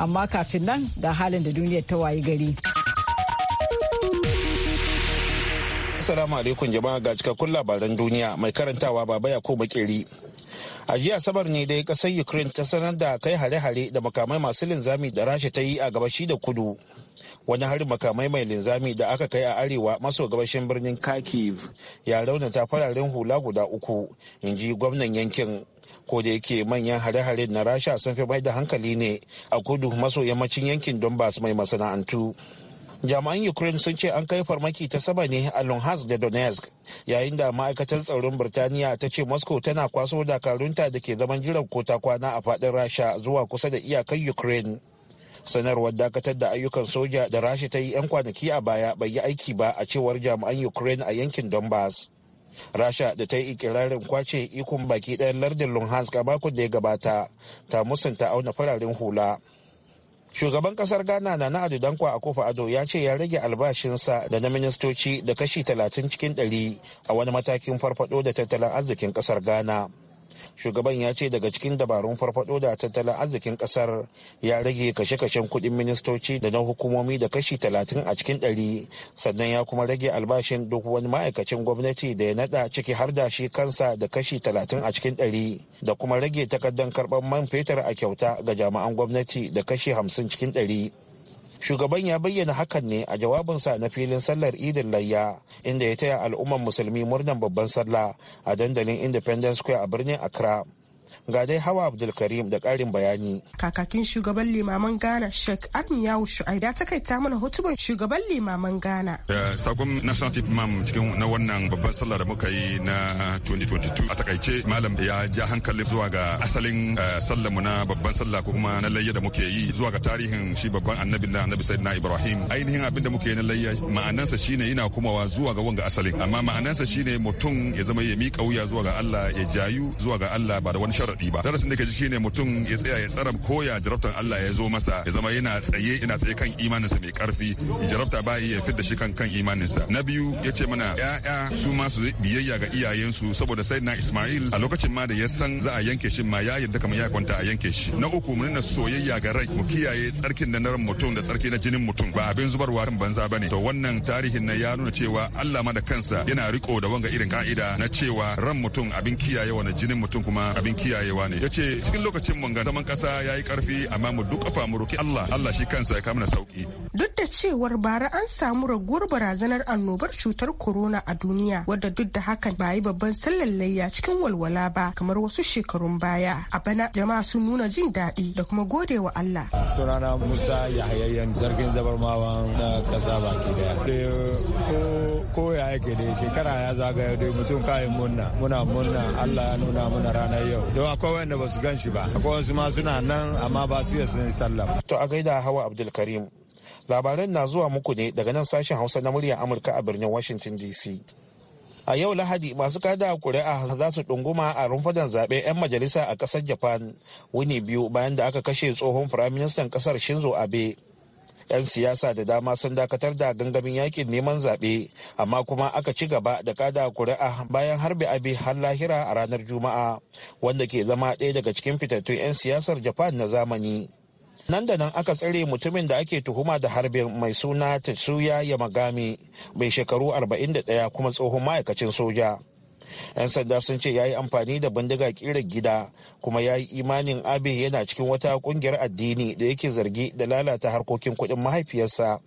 amma kafin nan ga halin da duniyar ta wayi gari. Assalamu alaikum jama'a ga cikakkun labaran duniya mai karantawa baba ko Bakeri. A jiya sabar ne dai kasar Ukraine ta sanar da kai hare-hare da makamai masu linzami da Rasha ta yi a gabashi da kudu. Wani harin makamai mai linzami da aka kai a arewa maso gabashin birnin Kharkiv ya raunata fararen hula guda uku, in ji gwamnan yankin. ko da yake manyan hare-hare na rasha sun fi mai da hankali ne a kudu maso yammacin yankin donbass mai masana'antu jami'an ukraine sun ce an kai farmaki ta saba ne a luhansk da donetsk yayin da ma'aikatar tsaron birtaniya ta ce moscow tana kwaso dakarunta da ke zaman jiran kota kwana a fadin rasha zuwa kusa da iyakar ukraine sanarwar dakatar da ayyukan soja da rasha ta yi 'yan kwanaki a baya bai yi aiki ba a cewar jami'an ukraine a yankin donbass rasha da ta yi ikirarin kwace ikon baki ɗayan lardin luhansk a makon da ya gabata ta musanta auna fararen hula shugaban kasar ghana na na dankwa a kofa ado ya ce ya rage albashinsa da na ministoci da kashi 30 cikin 100 a wani matakin farfado da tattalin arzikin kasar ghana shugaban ya ce daga cikin dabarun farfado da tattalin arzikin kasar ya rage kashe-kashen kudin ministoci da na hukumomi da kashi talatin a cikin ɗari sannan ya kuma rage albashin duk wani ma'aikacin gwamnati da ya nada ciki har da shi kansa da kashi talatin a cikin ɗari da kuma rage takardar karɓar man fetur a kyauta ga jami'an gwamnati da kashi hamsin cikin dari. shugaban ya bayyana hakan ne a jawabinsa na filin sallar idin layya inda ya taya al'ummar musulmi murnan babban sallah a dandalin independence square a birnin accra ga dai hawa abdulkarim da karin bayani kakakin shugaban limaman ghana sheikh armiyawu shu'aib ya takaita mana hotuban shugaban limaman ghana sakon national chief imam cikin na wannan babban sallah da muka yi na 2022 ah, a takaice malam ya ja hankali zuwa ga asalin ah, sallah mu na babban sallah ko kuma na layya da muke yi zuwa ga tarihin shi babban annabi na annabi sayyidina ibrahim ainihin abin da muke yi na layya ma'anansa shine yana kumawa zuwa ga wanga asalin amma ma'anansa shine mutum ya zama ya miƙa wuya zuwa ga Allah ya jayu zuwa ga Allah ba da wani sharaɗi ba darasin da ke jiki ne mutum ya tsaya ya tsara ko ya jarabtar Allah ya zo masa ya zama yana tsaye yana tsaye kan imaninsa mai karfi jarabta ba ya fitar da shi kan kan imaninsa na biyu ya ce mana ya'ya su ma su biyayya ga iyayensu saboda sai na Ismail a lokacin ma da ya san za a yanke shi ma ya yarda kamar ya kwanta a yanke shi na uku mun nuna soyayya ga rai mu kiyaye tsarkin da na ran mutum da tsarki na jinin mutum ba abin zubarwa kan banza bane to wannan tarihin na ya nuna cewa Allah ma da kansa yana riko da wanga irin ka'ida na cewa ran mutum abin kiyaye wa jinin mutum kuma abin kiyaye rayuwa ne yace cikin lokacin mun ga zaman kasa yayi karfi amma mu duk kafa mu roki Allah Allah shi kansa ya kama sauki duk da cewar bara an samu raguwar barazanar annobar cutar corona a duniya wadda duk da hakan ba yi babban sallar layya cikin walwala ba kamar wasu shekarun baya a bana jama'a sun nuna jin daɗi da kuma gode wa Allah sunana Musa Yahayayyan zargin zabarmawan na kasa baki daya eh, eh, ko yake dai shekara ya zagaya dai mutum kayan munna muna munna Allah ya nuna muna ranar yau don akwai wanda ba su gan shi ba akwai wasu ma suna nan amma ba su iya sun sallah to a gaida hawa abdulkarim labaran na zuwa muku ne daga nan sashen hausa na muryar amurka a birnin washington dc a yau lahadi masu kada kuri'a za su ɗunguma a rumfadan zaɓe 'yan majalisa a ƙasar japan wuni biyu bayan da aka kashe tsohon firaministan ƙasar shinzo abe 'yan siyasa da dama sun dakatar da gangamin yakin neman zaɓe amma kuma aka ci gaba da kada kuri'a bayan harbi abi har lahira a ranar juma'a wanda ke zama ɗaya daga cikin fitattun 'yan siyasar japan na zamani nan da nan aka tsare mutumin da ake tuhuma da harbin mai suna tatsuya yamagami mai shekaru 41 kuma tsohon ma'aikacin soja 'yan sanda sun ce ya yi amfani da bindiga kirar gida kuma ya yi imanin abe yana cikin wata kungiyar addini da yake zargi da lalata harkokin kuɗin mahaifiyarsa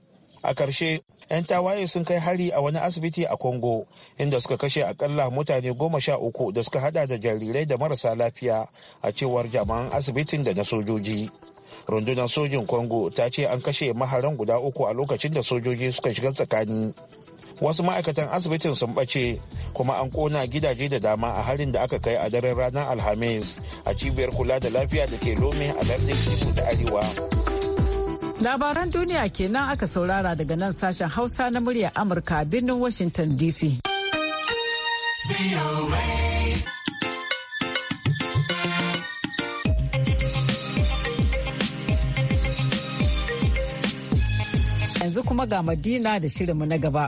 a ƙarshe 'yan tawaye sun kai hari a wani asibiti a congo inda suka kashe akalla mutane goma sha uku da suka hada da jarirai da marasa lafiya a cewar jami'an asibitin da na sojoji rundunar sojin congo ta ce an kashe maharan guda uku a lokacin da sojoji suka shiga tsakani wasu ma'aikatan asibitin sun ɓace kuma an kona gidaje da dama a halin da aka kai a daren ranar alhamis a cibiyar kula da lafiya da ke lome a lardin kifu da arewa labaran duniya kenan aka saurara daga nan sashen hausa na murya amurka birnin washington dc yanzu kuma ga madina da shirinmu na gaba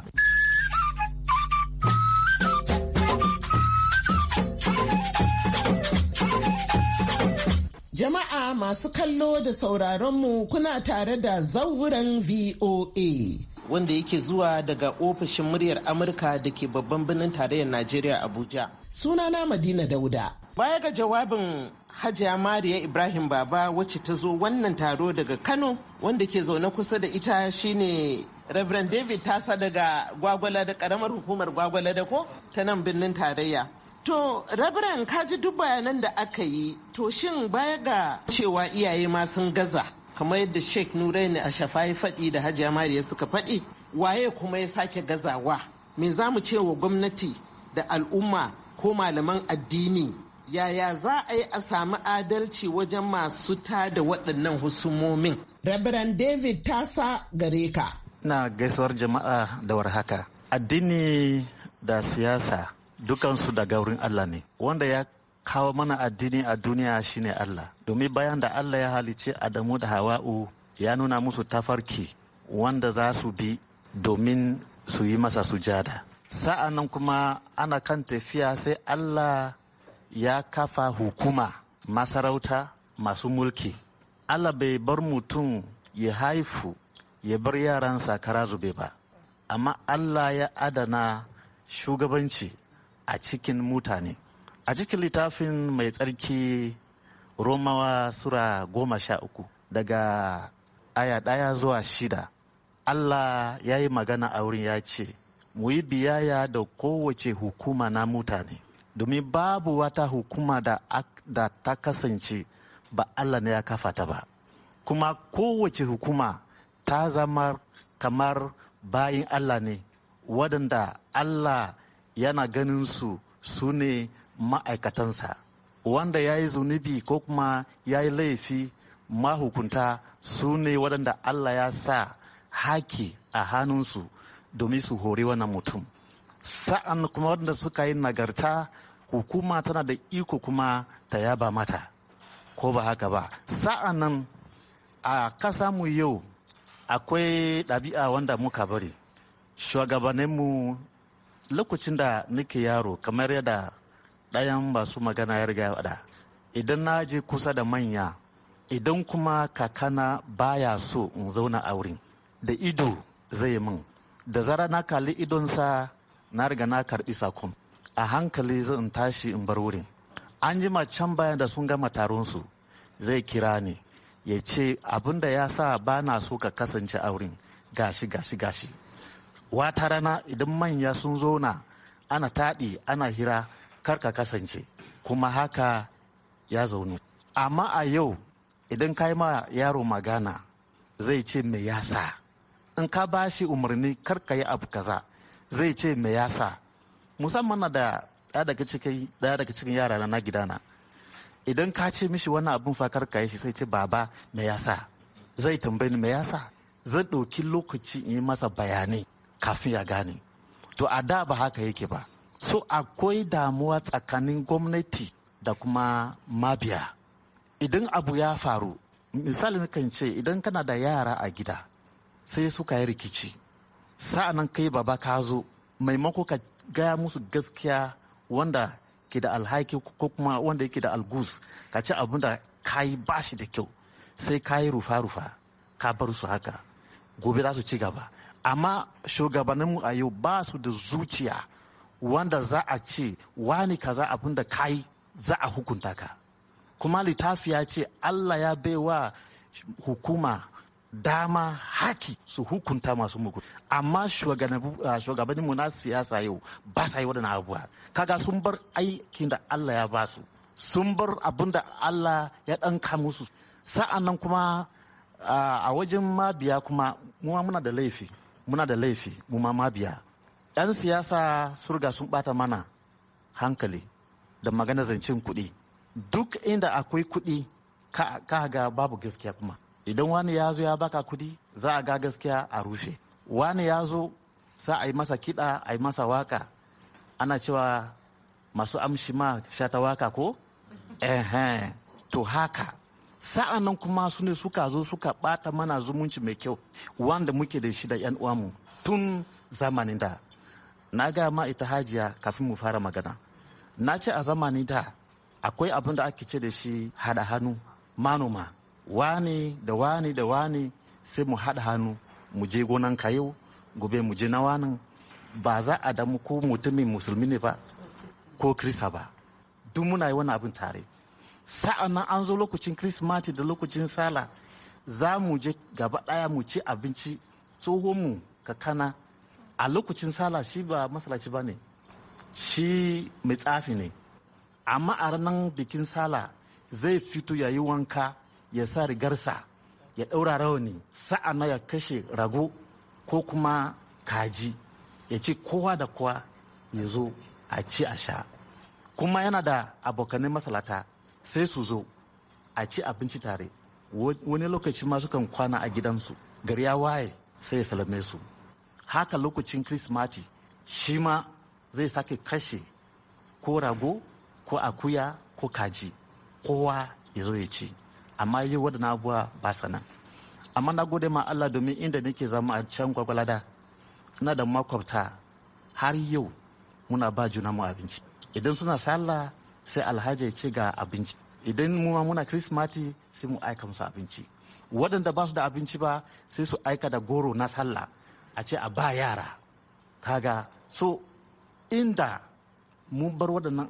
Jama'a masu kallo da sauraronmu kuna tare da zauren VOA. Wanda yake zuwa daga ofishin muryar Amurka da ke babban birnin tarayyar Najeriya Abuja. Sunana Madina Dauda. Baya ga jawabin Hajiya Mariya Ibrahim Baba wacce ta zo wannan taro daga Kano wanda ke zaune kusa da ita shine Reverend David Tasa daga Gwagwala da karamar hukumar Gwagwala da ko ta nan birnin tarayya. To, rabiran kaji duk bayanan da aka yi, to shin baya ga cewa iyaye ma sun gaza, kamar yadda Sheikh Nuraini a shafayi faɗi da Hajiya Mariya suka faɗi, waye kuma ya sake gazawa? Me za mu ce wa gwamnati da al'umma ko malaman addini? Yaya za a yi a sami adalci wajen masu tada waɗannan husumomin? Rabiran David Tasa gare ka. Na gaisuwar jama'a da warhaka. Addini da siyasa dukansu daga wurin Allah ne wanda ya kawo mana addini a duniya shine Allah domin bayan da Allah ya halice Adamu da Hawa'u ya nuna musu tafarki wanda za su bi domin su yi masa sujada sa'an nan kuma ana kan tafiya sai Allah ya kafa hukuma masarauta masu mulki Allah bai bar mutum ya haifu ya bar yaransa kara zube ba amma Allah ya adana shugabanci a cikin mutane a cikin littafin mai tsarki romawa sura goma sha uku daga aya ɗaya zuwa shida allah ya yi magana a wurin ya ce mu yi biyaya da kowace hukuma na mutane domin babu wata hukuma da, da ta kasance ba allah ne ya kafa ta ba kuma kowace hukuma ta zama kamar bayin allah ne waɗanda allah yana ganin su su ne ma'aikatansa wanda ya yi zunubi ko kuma ya yi laifi mahukunta su ne waɗanda allah ya sa haki a hannunsu domin su hori wannan mutum sa'an kuma waɗanda suka yi nagarta hukuma tana da iko kuma ta yaba mata ko ba haka ba sa'an nan a ƙasa mu yau akwai ɗabi'a wanda muka bari shugabanninmu lokacin da nake yaro kamar yadda ɗayan masu magana ya riga da idan na je kusa da manya idan kuma kakana baya so in zauna a wurin da ido zai min da zara na kalli idonsa na riga na karɓi sakon a hankali zan tashi in bar wurin an jima can bayan da sun gama taronsu zai kira ni ya ce abinda ya sa ba na so ka kasance a wurin gashi gashi gashi wata rana idan manya sun zo na ana taɗi ana hira karka kasance kuma haka ya zaune amma a yau idan ka ma yaro magana zai ce me yasa in ka ba shi umarni karka yi abu kaza zai ce me yasa musamman na da ɗaya daga cikin yara na gidana idan ka ce mishi wani abun fa ka shi sai ce baba me yasa zai tambayi me yasa zai ɗauki lokaci in yi masa bayanai kafin ya gane to a da ba haka yake ba so akwai damuwa tsakanin gwamnati da kuma mabiya idan abu ya faru misali kan ce idan kana da yara a gida sai suka yi rikici sa'anan kai baba ka zo maimako ka gaya musu gaskiya wanda ke da alhaki ko kuma wanda yake da algus ka ci abin da ka yi bashi da kyau sai ka yi rufa-rufa ka bar su haka gobe za su ci gaba amma shugabanninmu a yau ba su da zuciya wanda za a ce wani kaza abin da kai za a hukunta ka kuma littafi ya ce allah ya bai wa hukuma dama haki su hukunta masu mugu amma shugabanninmu na siyasa yau ba sa yi waɗannan abubuwa kaga sun bar aikin da allah ya ba su sun bar abin da allah ya ɗan musu sa'an nan kuma a wajen mabiya kuma muna da laifi muna da laifi mu ma mabiya yan siyasa surga sun bata mana hankali da magana zancen kuɗi duk inda akwai kuɗi ka ga babu gaskiya kuma idan wani ya zo ya baka kuɗi za a ga gaskiya a rufe wani ya zo sa a yi masa kiɗa a yi masa waka ana cewa masu amshi ma shata waka ko? to haka Sa'a nan kuma su ne suka zo suka bata mana zumunci mai kyau wanda muke da shi da yan uwanmu tun zamanin da na gaya ma ita hajiya kafin mu fara magana na ce a zamanin da akwai abin da ake ce da shi hada hannu manoma wani da wani da wani sai mu hada hannu mu je gonan ka gobe mu je na wani ba za a damu ko mutumin musulmi ne ba ko krista ba duk muna yi wani abin tare nan an zo lokacin kirismati da lokacin sala za mu je gaba ɗaya mu ci abinci tsohon mu ka kana. a lokacin sala shi ba masalaci ba ne shi mai tsafi ne amma a ranar bikin sala zai fito ya yi wanka ya sa rigarsa ya ɗaura rawani sa'ana ya kashe rago ko kuma kaji ya ce kowa da kowa ya zo a ci a sha kuma yana da abokanai masalata sai su zo a ci abinci tare wani lokaci ma sukan kwana a gidansu gari ya waye sai ya salame su haka lokacin kirismati shi ma zai sake kashe ko rago ko akuya ko kaji kowa ya zo ya ci amma yi waɗannan abuwa ba sanan amma na gode ma Allah domin inda nake zama a can gwagwalada na da makwabta har yau muna ba juna mu abinci idan suna sallah sai alhaji ce ga abinci idan mu muna kirismati sai mu aika musu abinci waɗanda ba su da abinci ba sai su aika da goro na sallah a ce a ba yara kaga so inda mun bar waɗannan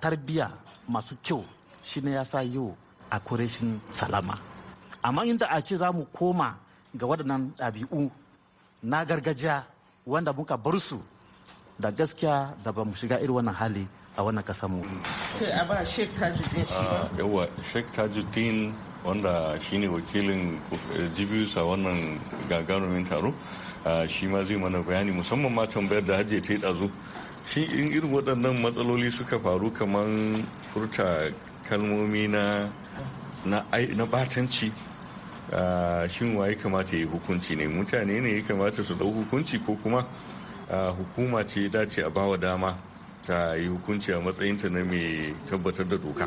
tarbiyya masu kyau shine ya sa yau a kureshin salama amma inda a ce za mu koma ga waɗannan ɗabi'u na gargajiya wanda muka bar su da gaskiya da ba mu shiga irin wannan hali a wannan kasar mu. Sai a ba Sheikh Tajuddin shi ba. Ah, Yawa Sheikh Tajuddin wanda shine wakilin eh, Jibius a wannan gagarumin taro ah, shi ma zai mana bayani musamman ma tambayar da hajje ta yi ɗazu. Shi in irin waɗannan matsaloli suka faru kamar furta kalmomi na na batanci ah, shin waye kamata ya yi hukunci ne mutane ne ya kamata su ɗau hukunci ko kuma hukuma ce dace a bawa dama ta yi hukunci a matsayin ta na mai tabbatar da doka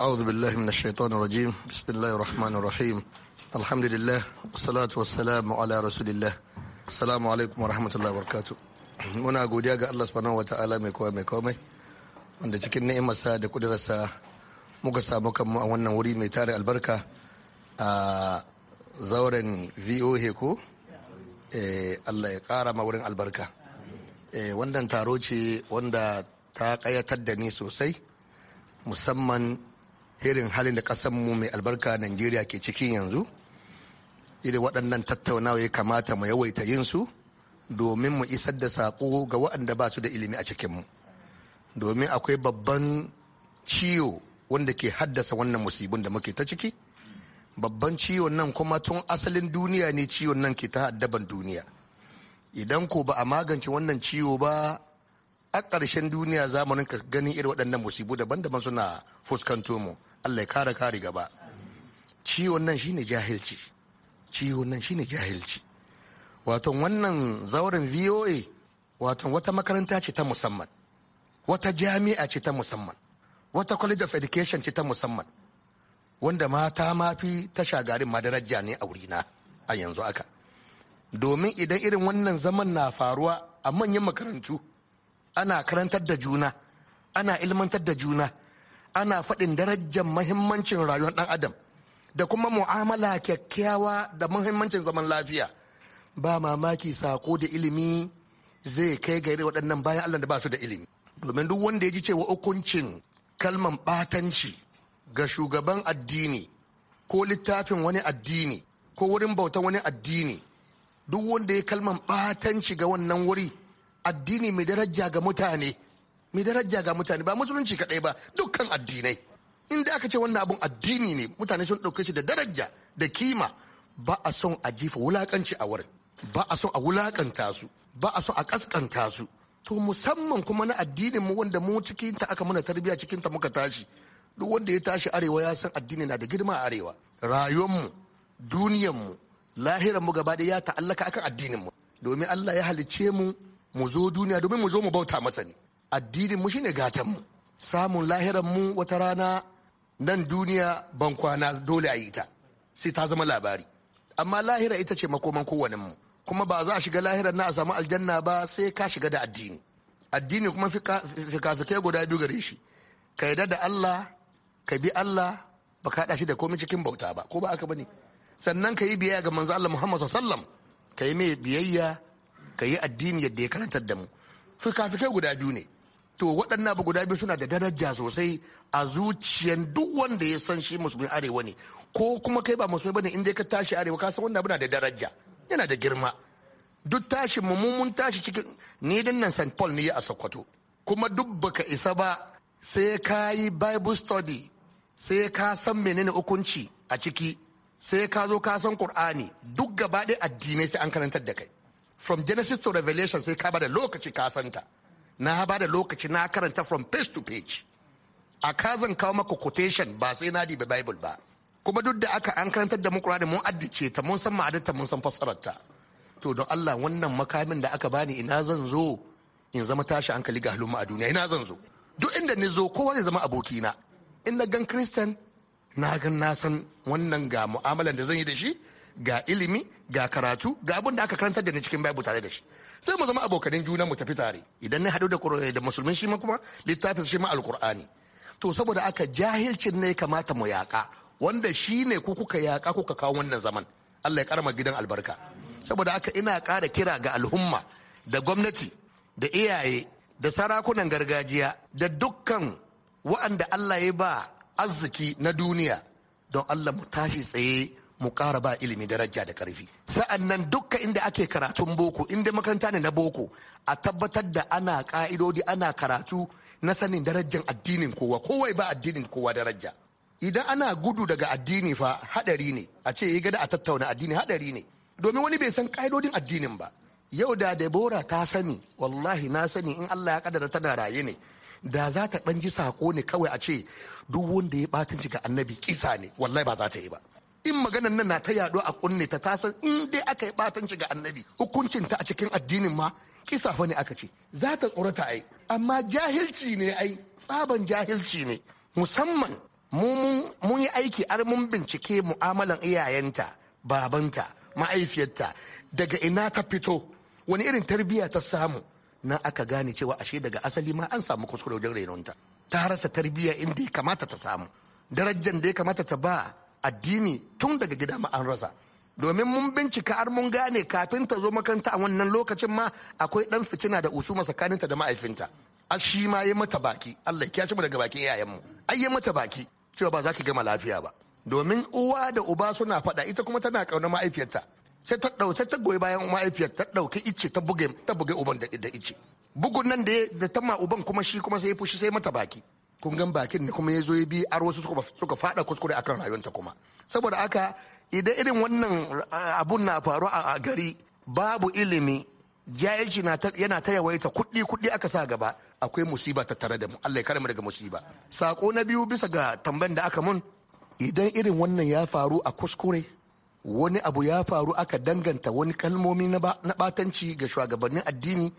أعوذ بالله من الشيطان الرجيم بسم الله الرحمن الرحيم الحمد لله والصلاة rasulillah على رسول الله السلام muna godiya ga Allah subhanahu wa ta'ala mai kowa mai komai wanda cikin ni'imarsa da kudurarsa muka samu kanmu a wannan wuri mai tare albarka a zauren voa ko Eh, Allah ya ƙara ma wurin albarka eh, wannan taro ce wanda ta ƙayatar da ni sosai musamman irin halin da mu mai albarka Najeriya ke cikin yanzu irin waɗannan tattaunawa ya kamata mu yawaita yin su domin mu isar da saƙo ga waɗanda ba su da ilimi a cikinmu domin akwai babban ciwo wanda ke haddasa wannan musibin da muke ta ciki babban ciwon nan kuma tun asalin duniya ne ciwon nan ke ta haddaban duniya idan ko ba a magance wannan ciwo ba a ƙarshen duniya zamanin ka ganin irin waɗannan musibu daban-daban suna fuskanto mu allah ya kare kare gaba ciwon nan shine jahilci ciwon nan shine jahilci wato wannan zauren voa wato wata makaranta ce ta musamman wata jami'a ce ta musamman wata college of education ce ta musamman wanda mata mafi ta shagarin madarajja ne a na a yanzu aka domin idan irin wannan zaman na faruwa a manyan makarantu ana karantar da juna ana ilmantar da juna ana faɗin darajar mahimmancin rayuwar ɗan adam da kuma mu'amala kyakkyawa da mahimmancin zaman lafiya ba mamaki sako da ilimi zai kai gari waɗannan bayan allah da ba su da ilimi domin duk wanda ya ji cewa hukuncin kalman ɓatanci ga shugaban addini ko littafin wani addini ko wurin bautan wani addini duk wanda ya kalman batanci ga wannan wuri addini mai daraja ga mutane mai daraja ga mutane ba musulunci kadai ba dukkan addinai inda aka ce wannan abun addini ne mutane sun ɗauke shi da daraja da kima ba a son a jifa wulakanci a wurin ba a son a wulakanta su ba a son a kaskanta su to musamman kuma na addinin mu wanda mu cikin ta aka muna tarbiyya cikin ta muka tashi duk wanda ya tashi arewa ya san addini na da girma a arewa rayuwarmu duniyarmu mu gaba ɗaya ya ta'allaka akan addininmu domin Allah ya halicce mu mu zo duniya domin mu zo mu bauta masa ne addinin mu shine gatan mu samun lahiran mu wata rana nan duniya ban kwana dole a yi ta sai ta zama labari amma lahira ita ce makoman kowannen mu kuma ba za a shiga lahiran na a samu aljanna ba sai ka shiga da addini addini kuma fikafikai guda biyu gare shi ka yarda da Allah ka bi Allah ba ka shi da komai cikin bauta ba ko ba aka bane sannan ka yi biyayya ga manzo Allah Muhammad sallam ka yi mai biyayya ka yi addini yadda ya karantar da mu fikafikai guda biyu ne to waɗannan abu guda biyu suna da daraja sosai a zuciyan duk wanda ya san shi musulmin arewa ne ko kuma kai ba musulmi bane in dai ka tashi arewa ka san wannan abu na da daraja yana da girma duk tashin mu mun tashi cikin ni din nan St Paul ne a Sokoto kuma duk baka isa ba sai ka yi Bible study sai ka san menene hukunci a ciki sai ka zo ka san qur'ani duk gaba ɗaya addinai sai an karantar da kai from genesis to revelation sai ka bada lokaci ka santa na bada lokaci na karanta from page to page a ka zan kawo maka quotation ba sai na dibi bible ba kuma duk da aka an karantar da mu qur'ani mun addice ta mun san ma'adarta mun san fassarar ta to don Allah wannan makamin da aka bani ina zan zo in zama tashi hankali ga halumma a duniya ina zan zo duk inda ni zo kowa zai zama abokina in na gan kristen na gan na san wannan ga mu'amalan da zan yi da shi ga ilimi ga karatu ga abin da aka karantar da ni cikin bible tare da shi sai mu zama abokanin juna mu tafi tare idan na haɗu da da musulmin shi ma kuma littafin shi ma alkur'ani to saboda aka jahilcin ne kamata mu yaƙa wanda shi ne ku kuka yaƙa kuka kawo wannan zaman Allah ya karama gidan albarka saboda aka ina ƙara kira ga al'umma da gwamnati da iyaye da sarakunan gargajiya da dukkan wa'anda Allah ya ba arziki na duniya don Allah mu tashi tsaye mu ƙara ba ilimi daraja da ƙarfi sa'an nan dukka inda ake karatun boko inda makaranta ne na boko a tabbatar da ana ƙa'idodi ana karatu na sanin darajar addinin kowa kowai ba addinin kowa daraja idan ana gudu daga addini fa hadari ne a ce ya gada a tattauna addini hadari ne domin wani bai san ƙa'idodin addinin ba yau da Debora ta sani wallahi na sani in Allah ya kaddara tana raye ne da za ta ɗan ji sako ne kawai a ce duk wanda ya batunci ga annabi kisa ne wallahi ba za ta yi ba in maganan nan na ta yaɗo a kunne ta tasan in dai aka yi batunci ga annabi hukuncin ta a cikin addinin ma kisa fa ne aka ce za ta tsorata ai amma jahilci ne ai tsaban jahilci ne musamman mun yi aiki har mun bincike mu'amalan iyayenta babanta ma'aifiyarta daga ina ta fito wani irin tarbiyya ta samu na aka gane cewa ashe daga asali ma an samu kuskure wajen rainonta ta rasa tarbiyya inda ya kamata ta samu darajar da ya kamata ta ba addini tun daga gida ma an rasa domin mun bincika har mun gane kafin ta zo makaranta a wannan lokacin ma akwai dan fitina da usuma tsakaninta da ma'aifinta a shi ma ya mata baki Allah ya mu daga bakin iyayenmu ai ya mata baki cewa ba za ki gama lafiya ba domin uwa da uba suna faɗa ita kuma tana kauna ma'aifiyarta sai ta ɗauke ta goyi bayan mahaifiyar ta ɗauke ice ta buge ta buge uban da ice bugun nan da da ta ma uban kuma shi kuma sai fushi sai mata baki kun gan bakin ne kuma ya zo ya bi ar wasu suka fada kuskure akan rayuwarta kuma saboda aka idan irin wannan ah, abun na faru a gari babu ilimi jahilci yana ta yawaita kuɗi kuɗi aka sa gaba akwai musiba ta tare da mu Allah ya kare mu daga musiba sako na biyu bisa ga tambayan da aka mun idan irin wannan ya faru a kuskure wani abu ya faru aka danganta wani kalmomi na batanci ga shugabannin addini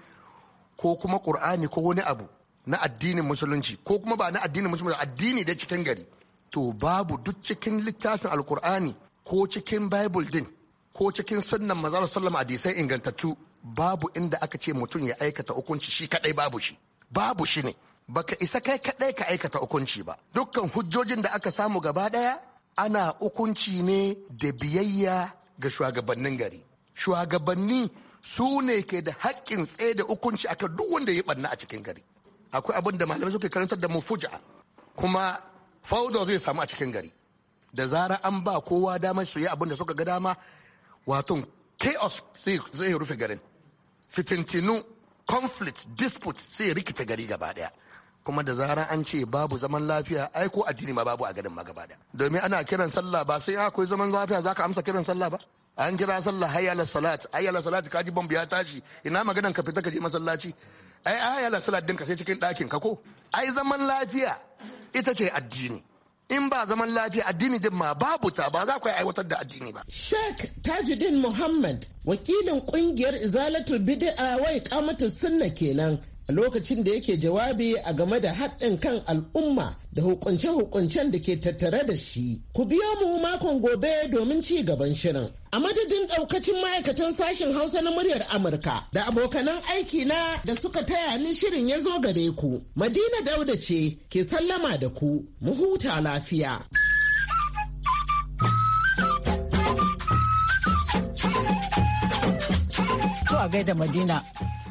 ko kuma ƙur'ani ko wani abu na addinin musulunci ko kuma ba na addinin musulunci addini da cikin gari to babu duk cikin littafin alkur'ani ko cikin bible din ko cikin sunnan manzo sallama hadisai ingantattu babu inda aka ce mutum ya aikata hukunci shi kadai babu shi babu shi ne baka isa kai kadai ka aikata hukunci ba dukkan hujjojin da aka samu gaba daya ana hukunci ne da biyayya ga shugabannin gari shugabanni su ne ke da haƙƙin tsaye da hukunci akan duk wanda ya ɓanna a cikin gari akwai abin da malamai suke karantar da mu fuja kuma fauda zai samu a cikin gari da zara an ba kowa damar su yi abin da suka ga dama wato chaos zai rufe garin fitintinu conflict dispute sai rikita gari gaba daya kuma da zarar an ce babu zaman lafiya ai ko addini ma babu a garin ma gaba domin ana kiran sallah ba sai akwai zaman lafiya zaka amsa kiran sallah ba an kira sallah hayyala salat hayyala salat ka ji bomb ya tashi ina maganan ka fita ka je masallaci ai hayyala salat ka sai cikin ɗakin ka ko ai zaman lafiya ita ce addini in ba zaman lafiya addini din ma babu ta ba za ku aiwatar da addini ba. Sheikh Tajuddin Muhammad wakilin kungiyar Izalatul Bid'a wai kamatu sunna kenan A lokacin da yake jawabi a game da haɗin kan al'umma da hukunce-hukuncen da ke tattare da shi. Ku biyo mu makon gobe domin ci gaban shirin. A madadin ɗaukacin ma'aikatan sashen Hausa na muryar Amurka da abokanan aiki na da suka taya ni shirin ya zo gare ku. Madina Dauda ce ke sallama da ku. Mu huta lafiya. a gaida Madina.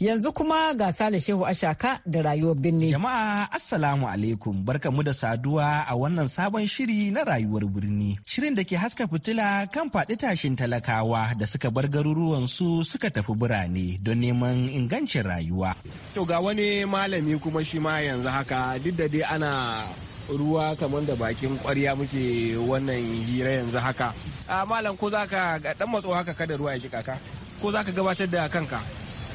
Yanzu kuma ga Sale Shehu Ashaka da rayuwar birni. Jama'a Assalamu alaikum barkamu da saduwa a wannan sabon shiri na rayuwar birni. Shirin da ke haska fitila kan faɗi tashin talakawa da suka bar garuruwan su suka tafi birane don neman ingancin rayuwa. To ga wani malami kuma shi ma yanzu haka duk da dai ana ruwa kamar da bakin kwarya muke wannan hira yanzu haka a ah, malam ko za ka dan matso haka kada ruwa ya kika ka ko za ka gabatar da kanka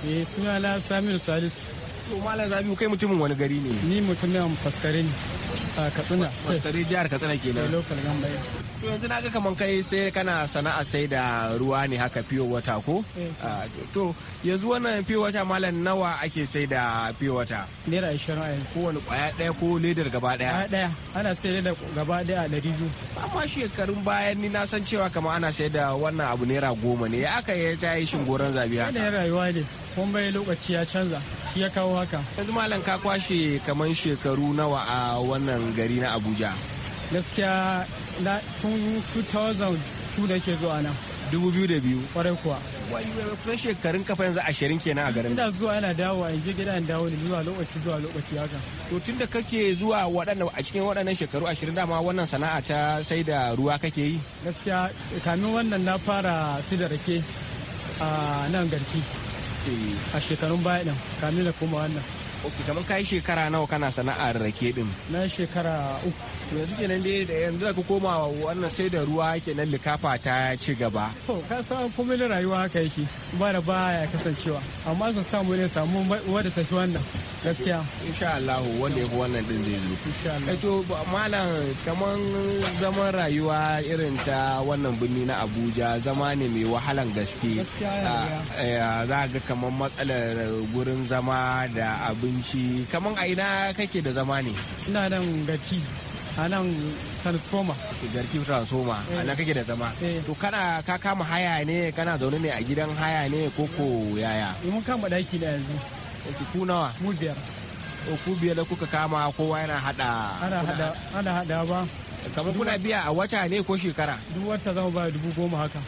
eh suna la Samir Salisu to malam zabi kai mutumin wani gari ne ni mutumin faskare ne a Katsina faskare jihar Katsina kenan eh, local government to yanzu na ga kaman kai sai kana sana'a sai da ruwa ne haka fiyo wata ko eh, ah, to yanzu wannan fiyo wata malam nawa ake sai da fiyo wata naira 20 a yanzu ko wani kwaya daya ko ledar gaba daya kwaya daya ana sai da gaba daya a 200 amma shekarun bayan ni na san cewa kamar ana sai da wannan abu naira goma ne ya aka yi ta yi shingoran haka ne rayuwa ne komai lokaci ya canza shi ya kawo haka yanzu malam ka kwashe kamar shekaru nawa a wannan gari na abuja gaskiya na tun 2002 da ke zuwa nan 2002 kwarai kuwa kusan shekarun kafa yanzu ashirin kenan a garin ina zuwa yana dawo a yanzu gida in dawo ne zuwa lokaci zuwa lokaci haka to tun da kake zuwa waɗanda a cikin waɗannan shekaru ashirin dama wannan sana'a ta sai da ruwa kake yi gaskiya kamin wannan na fara sidarake rake a nan garki a shekarun baya din kamin da koma wannan ok kamar kai shekara nawa kana sana'ar rake din na shekara uku yanzu kenan dai da yanzu ka koma wannan sai da ruwa kenan likafa ta ci gaba to ka san komai na rayuwa haka yake ba da baya kasancewa amma sun samu ne samu wadda ta fi wannan gaskiya insha Allah wanda ya fi wannan din zai zo insha Allah eh, to malam kaman zaman rayuwa irin ta wannan birni na Abuja zama ne mai wahalan gaske ah, eh, za ga kaman matsalar gurin zama da abin abinci kaman a ina kake da zama ne ina nan garki a nan transformer garki transformer a nan kake da zama eh. to kana ka kama haya ne kana zaune ne a gidan haya ne koko yaya eh, mun kama daki da yanzu ku nawa mu biyar ku biyar da kuka kama kowa yana hada ana hada ba kamar kuna biya a wata ne ko shekara duk wata zama ba dubu goma haka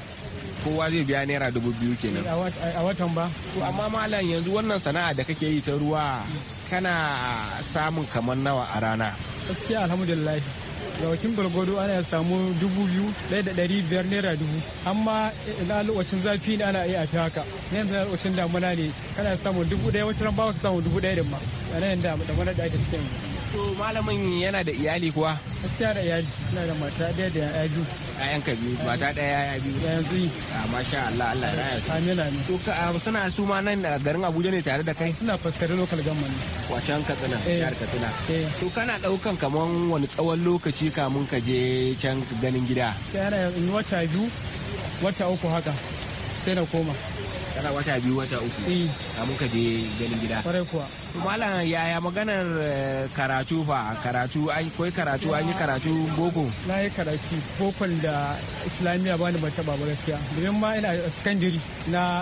kowa zai biya naira dubu biyu kenan a watan ba to amma malam yanzu wannan sana'a da kake yi ta ruwa kana samun kamar nawa a rana gaskiya alhamdulillah ga wakin gwargwado ana ya samu dubu biyu ɗaya da ɗari biyar naira dubu amma na lokacin zafi ne ana iya fi haka na yanzu lokacin damuna ne kana samun dubu ɗaya wacce ran bawa ka samun dubu ɗaya da ma a nan da damuna da ake cikin To malamin yana da iyali kuwa? Gaskiya da iyali, ina da mata ɗaya da ya biyu. Ƴaƴan ka biyu, mata ɗaya ya biyu. Ya yanzu A ah, masha Allah, Allah ya raya su. Amin amin. To ka ah, suna su ma nan a garin Abuja ne tare da kai? suna fuskari local government. Wacan Katsina, eh. jihar Katsina. Eh. To kana ɗaukan kaman wani tsawon lokaci kamun ka je can ganin gida? Yana wata biyu, wata uku haka, sai na koma. kana wata biyu wata uku eh. a ka je ganin gida kwarai kuwa yaya maganar eh, karatu fa karatu an karatu an yi karatu boko na yi karatu bokon da islamiyya ba ni ban taba ba gaskiya domin ma ina secondary na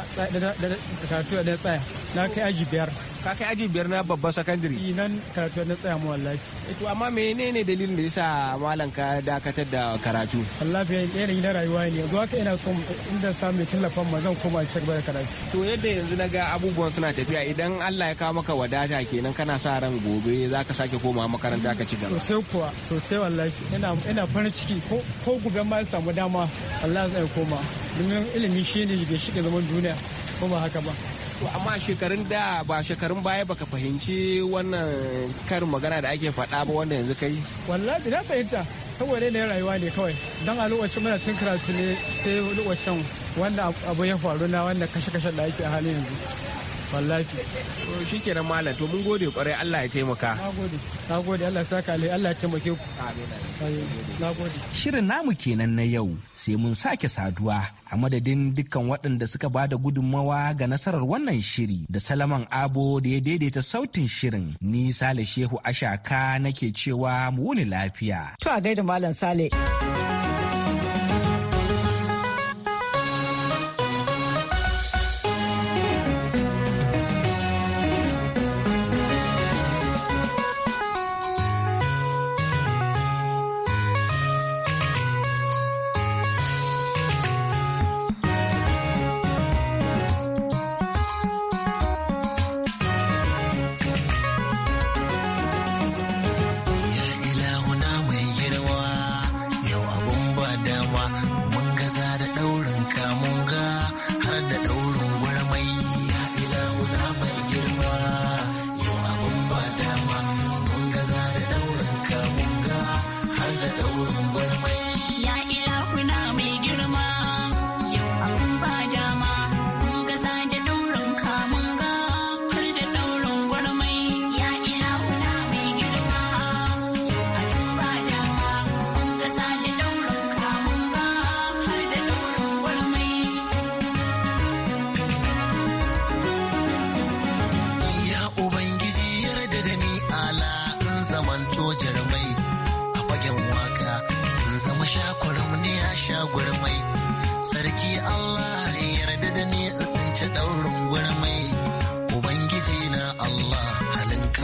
karatu da tsaya na kai aji biyar ka kai aji biyar na babban sakandare eh, nan karatu na tsaya mu wallahi eh, to amma menene dalilin da yasa malam ka dakatar da karatu wallahi eh, yanayi na rayuwa ne yanzu haka ina son inda samu tallafin ma zan koma cikin da karatu to yadda yanzu na ga abubuwan suna tafiya idan Allah ya kawo maka wadata kenan kana sa ran gobe za ka sake koma makaranta ka ci gaba sosai kuwa sosai wallahi ina ina farin ciki ko ko gobe ma samu dama Allah zai koma domin ilimi shine shige shige zaman duniya kuma haka ba To amma shekarun da ba shekarun baya baka fahimci wannan karin magana da ake faɗa ba wanda yanzu kai? Wallahi na fahimta saboda ne rayuwa ne kawai don a lokacin muna cin karatu ne sai lokacin wanda abu ya faru na wanda kashe-kashe da ake a halin yanzu. wallahi to shikenan malam to mun gode kwarai Allah ya taimaka nagode nagode Allah ya saka alai Allah ya taimake ku amin nagode shirin namu kenan na yau sai mun sake saduwa a madadin dukkan waɗanda suka ba da gudunmawa ga nasarar wannan shiri da Salaman Abo da ya daidaita sautin shirin ni Sale Shehu Ashaka nake cewa mu wuni lafiya to a gaida malam Sale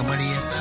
Somebody else.